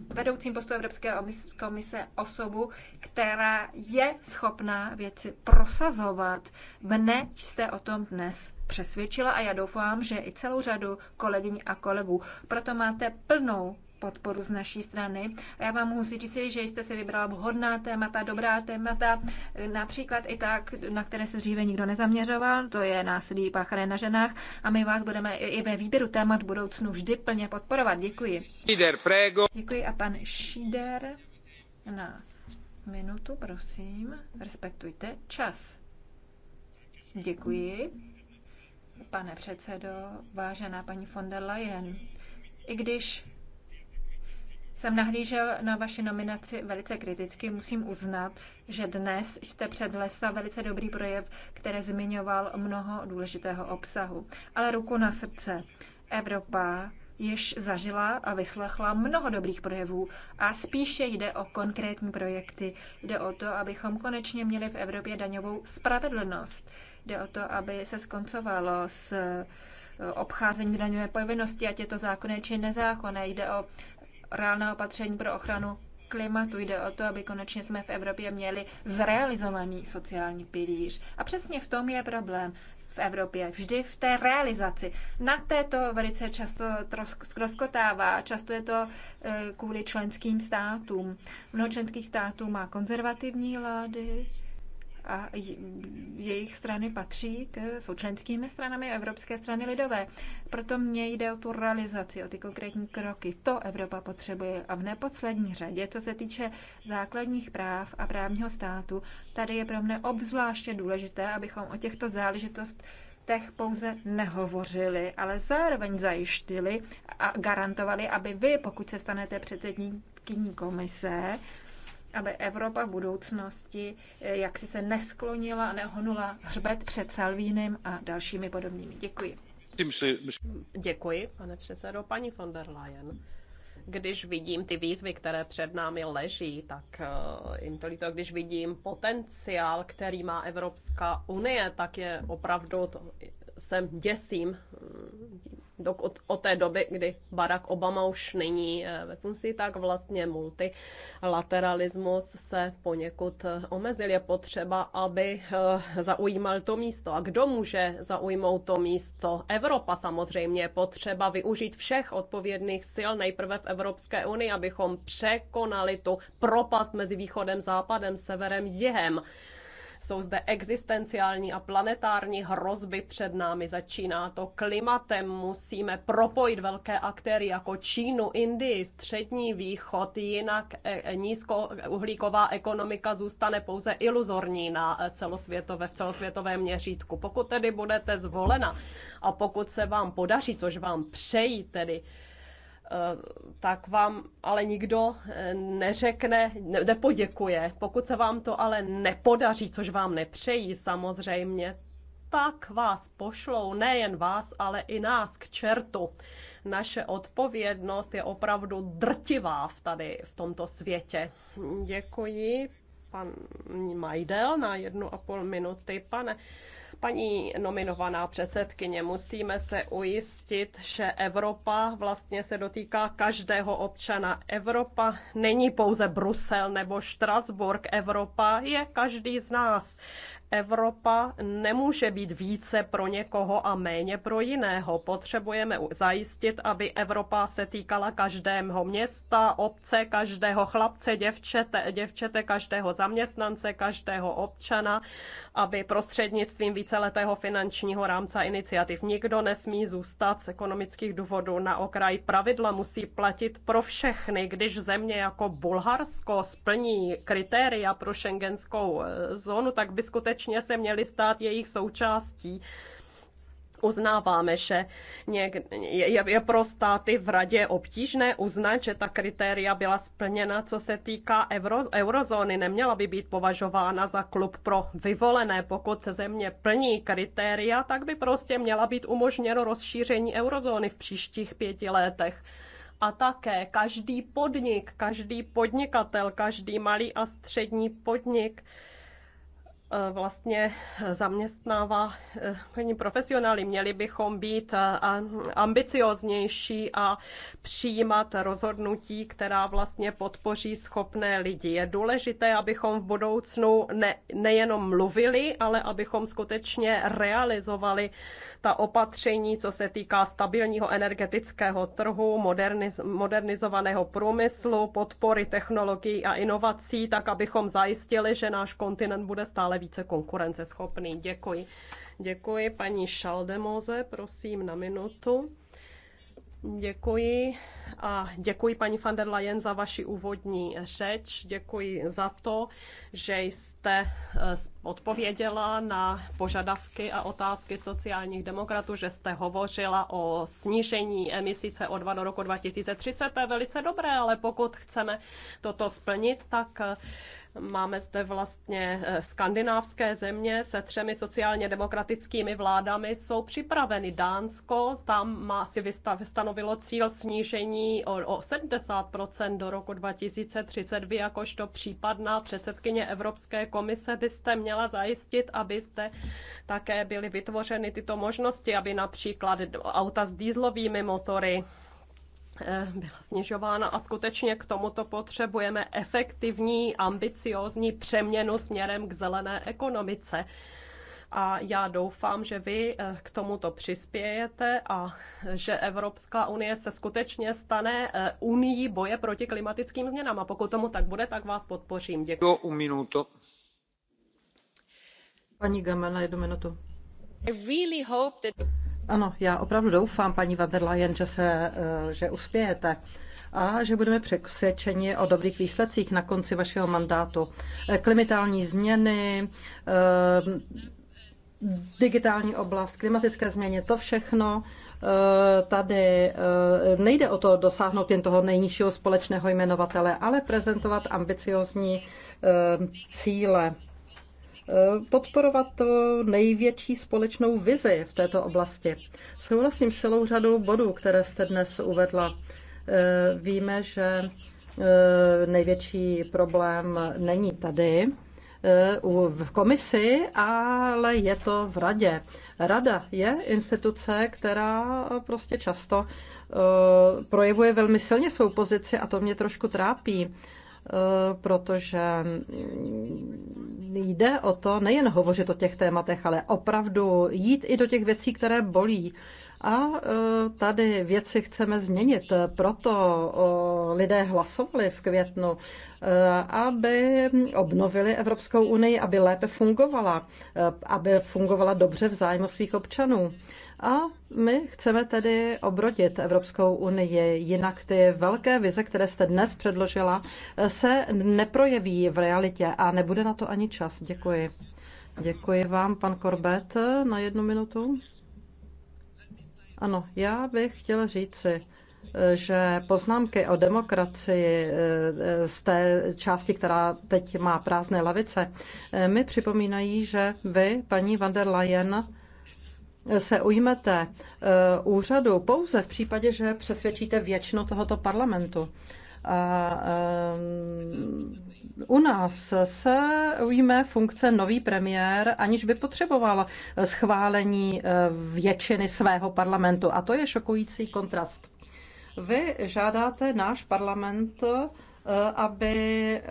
vedoucím postu Evropské komise osobu, která je schopná věci prosazovat. Mne jste o tom dnes přesvědčila a já doufám, že i celou řadu kolegyň a kolegů. Proto máte plnou podporu z naší strany. A já vám musím říct, že jste se vybrala vhodná témata, dobrá témata, například i tak, na které se dříve nikdo nezaměřoval, to je násilí páchané na ženách a my vás budeme i ve výběru témat v budoucnu vždy plně podporovat. Děkuji. Děkuji a pan Šíder na minutu, prosím. Respektujte čas. Děkuji. Pane předsedo, vážená paní von der Leyen, i když jsem nahlížel na vaši nominaci velice kriticky. Musím uznat, že dnes jste předlesla velice dobrý projev, který zmiňoval mnoho důležitého obsahu. Ale ruku na srdce. Evropa již zažila a vyslechla mnoho dobrých projevů a spíše jde o konkrétní projekty. Jde o to, abychom konečně měli v Evropě daňovou spravedlnost. Jde o to, aby se skoncovalo s obcházení daňové povinnosti, ať je to zákonné či nezákonné. Jde o Reálné opatření pro ochranu klimatu. Jde o to, aby konečně jsme v Evropě měli zrealizovaný sociální pilíř. A přesně v tom je problém v Evropě, vždy v té realizaci. Na této velice často ztroskotává, často je to eh, kvůli členským státům. Mnoho členských států má konzervativní vlády, a jejich strany patří k součlenskými stranami Evropské strany lidové. Proto mě jde o tu realizaci, o ty konkrétní kroky. To Evropa potřebuje a v neposlední řadě, co se týče základních práv a právního státu, tady je pro mne obzvláště důležité, abychom o těchto záležitostech tech pouze nehovořili, ale zároveň zajištili a garantovali, aby vy, pokud se stanete předsedníkyní komise, aby Evropa v budoucnosti eh, jaksi se nesklonila a nehonula hřbet před Salvínem a dalšími podobnými. Děkuji. Děkuji, pane předsedo. Paní von der Leyen, když vidím ty výzvy, které před námi leží, tak eh, jim to líto, když vidím potenciál, který má Evropská unie, tak je opravdu to se děsím mm, do, od, od té doby, kdy Barack Obama už není eh, ve funkci, tak vlastně multilateralismus se poněkud eh, omezil. Je potřeba, aby eh, zaujímal to místo. A kdo může zaujmout to místo? Evropa samozřejmě. Je potřeba využít všech odpovědných sil nejprve v Evropské unii, abychom překonali tu propast mezi východem, západem, severem, jihem jsou zde existenciální a planetární hrozby před námi. Začíná to klimatem, musíme propojit velké aktéry jako Čínu, Indii, Střední východ, jinak e, e, nízkouhlíková ekonomika zůstane pouze iluzorní na e, celosvětové, v celosvětovém měřítku. Pokud tedy budete zvolena a pokud se vám podaří, což vám přejí tedy, Eh, tak vám ale nikdo eh, neřekne, nepoděkuje. Pokud se vám to ale nepodaří, což vám nepřejí samozřejmě, tak vás pošlou nejen vás, ale i nás k čertu. Naše odpovědnost je opravdu drtivá v tady v tomto světě. Děkuji pan Majdel na jednu a půl minuty. Pane Paní nominovaná předsedkyně, musíme se ujistit, že Evropa vlastně se dotýká každého občana. Evropa není pouze Brusel nebo Štrasburg. Evropa je každý z nás. Evropa nemůže být více pro někoho a méně pro jiného. Potřebujeme zajistit, aby Evropa se týkala každého města, obce, každého chlapce, děvčete, děvčete každého zaměstnance, každého občana, aby prostřednictvím víceletého finančního rámce iniciativ nikdo nesmí zůstat z ekonomických důvodů na okraji. Pravidla musí platit pro všechny, když země jako Bulharsko splní kritéria pro šengenskou eh, zónu, tak by skutečně skutečně se měly stát jejich součástí uznáváme, že je, pro státy v radě obtížné uznat, že ta kritéria byla splněna, co se týká euro, eurozóny. Neměla by být považována za klub pro vyvolené. Pokud země plní kritéria, tak by prostě měla být umožněno rozšíření eurozóny v příštích pěti letech a také každý podnik, každý podnikatel, každý malý a střední podnik Eh, vlastně zaměstnává eh, paní profesionály. Měli bychom být eh, ambicioznější a přijímat rozhodnutí, která vlastně podpoří schopné lidi. Je důležité, abychom v budoucnu ne, nejenom mluvili, ale abychom skutečně realizovali ta opatření, co se týká stabilního energetického trhu, moderniz, modernizovaného průmyslu, podpory technologií a inovací, tak abychom zajistili, že náš kontinent bude stále více konkurenceschopný. Děkuji. Děkuji paní Šaldemoze, prosím na minutu. Děkuji a děkuji paní van der Leyen za vaši úvodní řeč. Děkuji za to, že jste eh, odpověděla na požadavky a otázky sociálních demokratů, že jste hovořila o snížení emisí CO2 do roku 2030. To je velice dobré, ale pokud chceme toto splnit, tak eh, Máme zde vlastně eh, skandinávské země se třemi sociálně demokratickými vládami jsou připraveny. Dánsko tam má si vystav, stanovilo cíl snížení o, o 70% do roku 2030. Vy jakožto případná předsedkyně Evropské komise byste měla zajistit, abyste také byly vytvořeny tyto možnosti, aby například auta s dýzlovými motory Eh, byla snižována a skutečně k tomuto potřebujeme efektivní, ambiciózní přeměnu směrem k zelené ekonomice. A já doufám, že vy eh, k tomuto přispějete a že Evropská unie se skutečně stane eh, unii boje proti klimatickým změnám. A pokud tomu tak bude, tak vás podpořím. Děkuji. Do minuto. Paní Gamela, jednu minutu. I really hope that... Ano, já opravdu doufám, paní van der Leyen, že, se, eh, že uspějete a že budeme přesvědčeni o dobrých výsledcích na konci vašeho mandátu. Eh, klimatální změny, eh, digitální oblast, klimatické změny, to všechno tady nejde o to dosáhnout jen toho nejnižšího společného jmenovatele, ale prezentovat ambiciozní cíle Eh, podporovat to největší společnou vizi v této oblasti. Souhlasím s celou řadou bodů, které jste dnes uvedla. Eh, víme, že eh, největší problém není tady v komisi, ale je to v radě. Rada je instituce, která prostě často projevuje velmi silně svou pozici a to mě trošku trápí. Eh, protože jde o to nejen hovořit o těch tématech, ale opravdu jít i do těch věcí, které bolí. A eh, tady věci chceme změnit. Proto eh, lidé hlasovali v květnu Eh, aby obnovili Evropskou unii, aby lépe fungovala, eh, aby fungovala dobře v zájmu svých občanů. A my chceme tedy obrodit Evropskou unii, jinak ty velké vize, které jste dnes předložila, eh, se neprojeví v realitě a nebude na to ani čas. Děkuji. Děkuji vám, pan Korbet, na jednu minutu. Ano, já bych chtěla říci, že poznámky o demokracii eh, z té části, která teď má prázdné lavice, eh, mi připomínají, že vy, paní van der Leyen, se ujmete eh, úřadu pouze v případě, že přesvědčíte většinu tohoto parlamentu. A u nás se ujme funkce nový premiér, aniž by potřeboval schválení většiny svého parlamentu. A to je šokující kontrast. Vy žádáte náš parlament, eh, aby eh,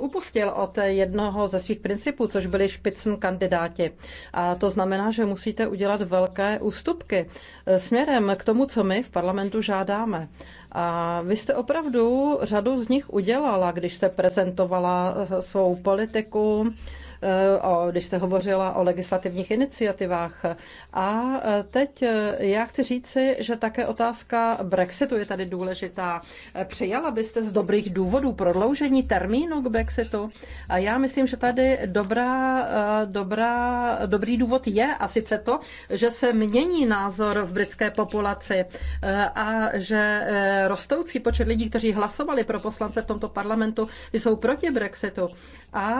upustil od jednoho ze svých principů, což byli špicn kandidáti. A to znamená, že musíte udělat velké ústupky eh, směrem k tomu, co my v parlamentu žádáme. A vy jste opravdu řadu z nich udělala, když jste prezentovala svou politiku, Eh, o, když jste hovořila o legislativních iniciativách. A eh, teď eh, já chci říci, že také otázka Brexitu je tady důležitá. Přijala byste z dobrých důvodů prodloužení termínu k Brexitu? A já myslím, že tady dobrá, dobrá, dobrý důvod je, a sice to, že se mění názor v britské populaci a že rostoucí počet lidí, kteří hlasovali pro poslance v tomto parlamentu, jsou proti Brexitu. A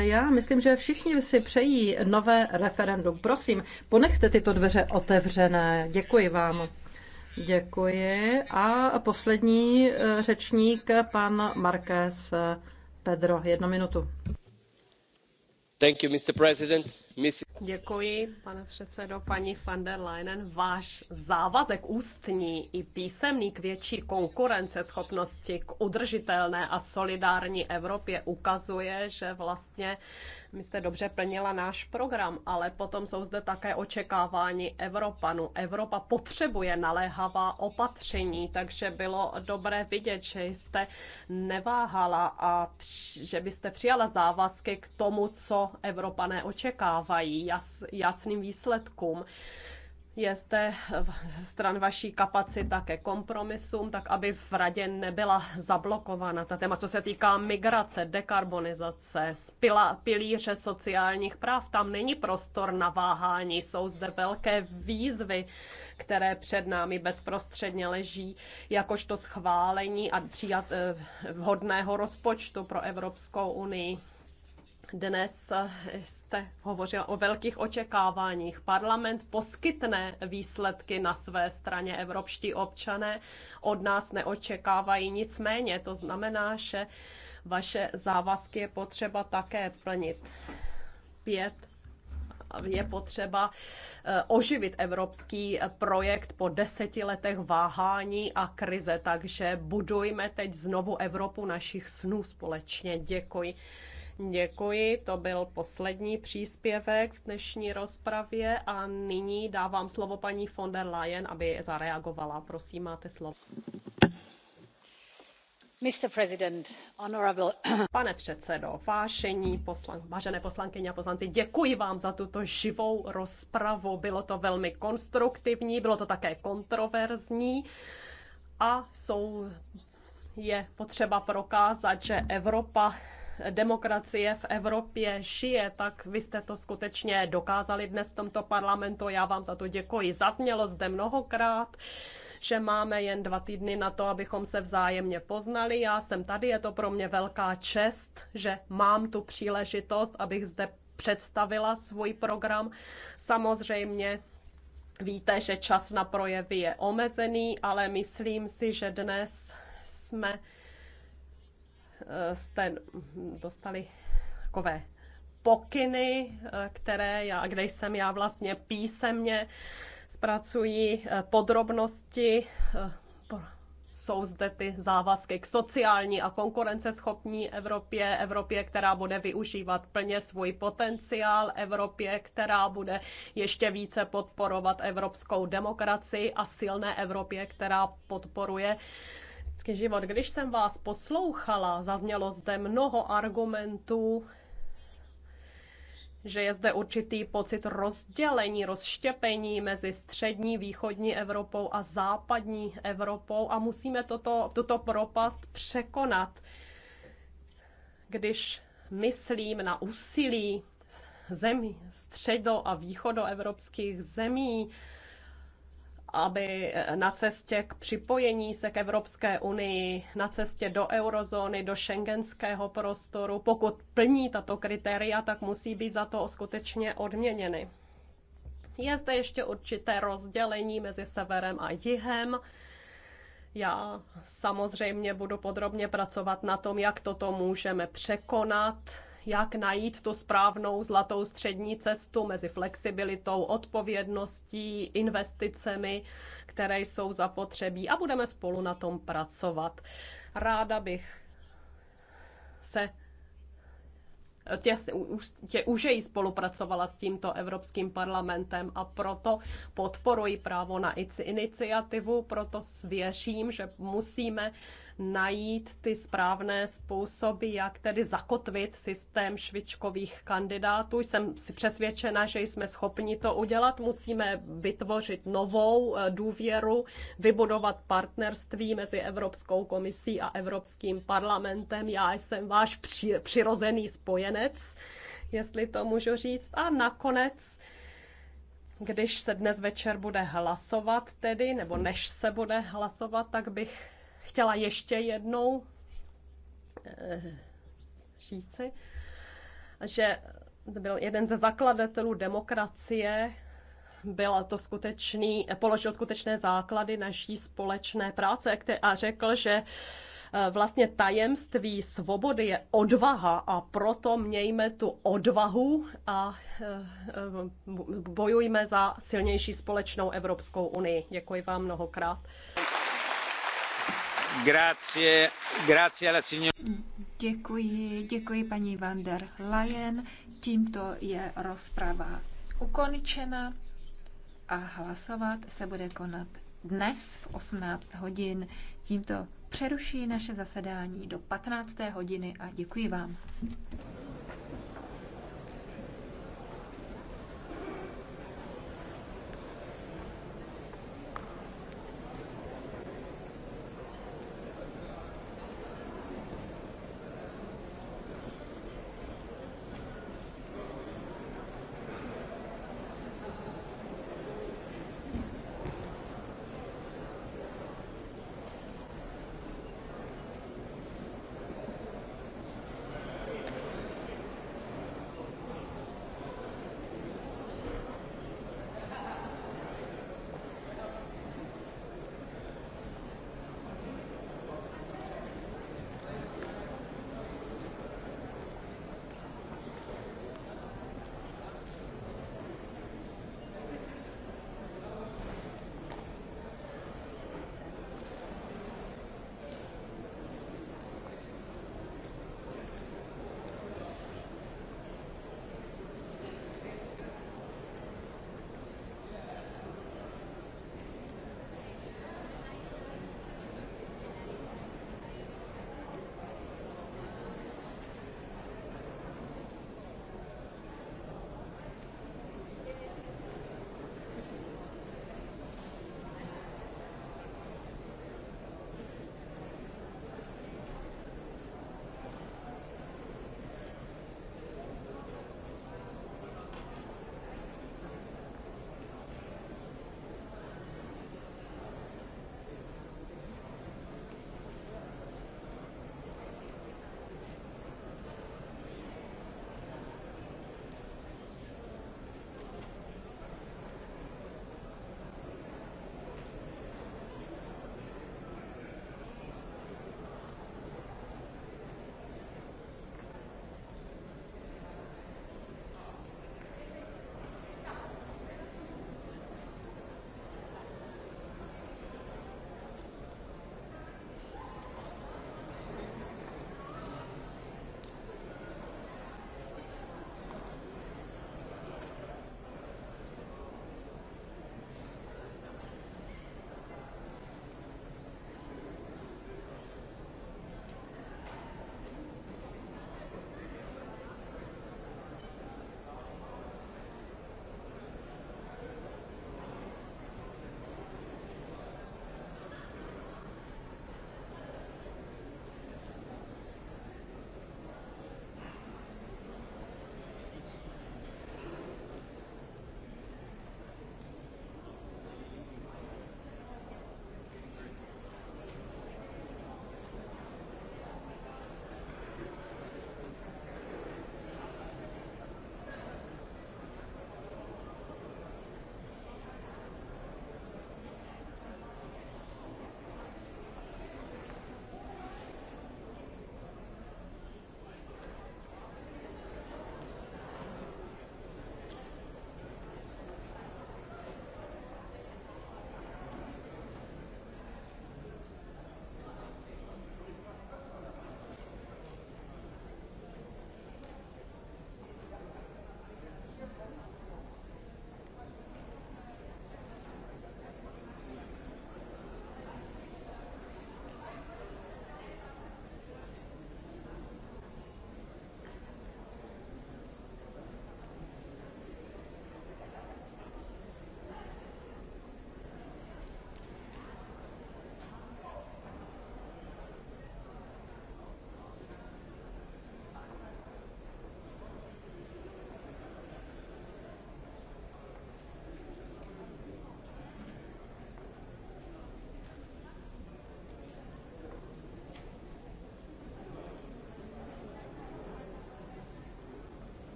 já myslím, že že všichni si přejí nové referendum. Prosím, ponechte tyto dveře otevřené. Děkuji vám. Děkuji. A poslední eh, řečník, pan Marques eh, Pedro. Jednu minutu. Thank you, Mr. President. Děkuji, pane předsedo, paní van der Leyen. Váš závazek ústní i písemný k větší konkurenceschopnosti, k udržitelné a solidární Evropě ukazuje, že vlastně my jste dobře plnila náš program, ale potom jsou zde také očekávání Evropanů. Evropa potřebuje naléhavá opatření, takže bylo dobré vidět, že jste neváhala a že byste přijala závazky k tomu, co Evropané očekávají dávají jas, jasným výsledkům je zde stran vaší kapacita ke kompromisům, tak aby v radě nebyla zablokována ta téma, co se týká migrace, dekarbonizace, pila, pilíře sociálních práv. Tam není prostor na váhání, jsou zde velké výzvy, které před námi bezprostředně leží, jakožto schválení a přijat eh, vhodného rozpočtu pro Evropskou unii. Dnes jste hovořil o velkých očekáváních. Parlament poskytne výsledky na své straně. Evropští občané od nás neočekávají nicméně. To znamená, že vaše závazky je potřeba také plnit. Pět je potřeba eh, oživit evropský projekt po deseti letech váhání a krize, takže budujme teď znovu Evropu našich snů společně. Děkuji. Děkuji, to byl poslední příspěvek v dnešní rozpravě a nyní dávám slovo paní von der Leyen, aby zareagovala. Prosím, máte slovo. Honorable... Pane předsedo, vážení poslan, vážené poslankyně a poslanci, děkuji vám za tuto živou rozpravu. Bylo to velmi konstruktivní, bylo to také kontroverzní a jsou, je potřeba prokázat, že Evropa demokracie v Evropě šije, tak vy jste to skutečně dokázali dnes v tomto parlamentu. Já vám za to děkuji. Zaznělo zde mnohokrát že máme jen dva týdny na to, abychom se vzájemně poznali. Já jsem tady, je to pro mě velká čest, že mám tu příležitost, abych zde představila svůj program. Samozřejmě víte, že čas na projevy je omezený, ale myslím si, že dnes jsme Eh, jste dostali takové pokyny, eh, které já, kde jsem já vlastně písemně zpracují eh, podrobnosti jsou zde ty závazky k sociální a konkurenceschopní Evropě, Evropě, která bude využívat plně svůj potenciál, Evropě, která bude ještě více podporovat evropskou demokracii a silné Evropě, která podporuje uh, lidský život. Když jsem vás poslouchala, zaznělo zde mnoho argumentů, že je zde určitý pocit rozdělení, rozštěpení mezi střední, východní Evropou a západní Evropou a musíme toto, tuto propast překonat. Když myslím na úsilí zemí středo- a východoevropských zemí, aby na cestě k připojení se k Evropské unii, na cestě do eurozóny, do šengenského prostoru, pokud plní tato kritéria, tak musí být za to skutečně odměněny. Je zde ještě určité rozdělení mezi severem a jihem. Já samozřejmě budu podrobně pracovat na tom, jak toto můžeme překonat jak najít tu správnou zlatou střední cestu mezi flexibilitou, odpovědností, investicemi, které jsou zapotřebí a budeme spolu na tom pracovat. Ráda bych se tě, tě užeji spolupracovala s tímto Evropským parlamentem a proto podporuji právo na iniciativu, proto svěřím, že musíme najít ty správné způsoby, jak tedy zakotvit systém švičkových kandidátů. Jsem si přesvědčena, že jsme schopni to udělat. Musíme vytvořit novou eh, důvěru, vybudovat partnerství mezi Evropskou komisí a Evropským parlamentem. Já jsem váš přirozený spojenec, jestli to můžu říct. A nakonec když se dnes večer bude hlasovat tedy, nebo než se bude hlasovat, tak bych chtěla ještě jednou eh, říci, že byl jeden ze zakladatelů demokracie, byl to skutečný, položil skutečné základy naší společné práce a řekl, že eh, vlastně tajemství svobody je odvaha a proto mějme tu odvahu a eh, bojujme za silnější společnou Evropskou unii. Děkuji vám mnohokrát. Děkuji, děkuji paní van der Leyen. Tímto je rozprava ukončena a hlasovat se bude konat dnes v 18 hodin. Tímto přeruší naše zasedání do 15. hodiny a děkuji vám.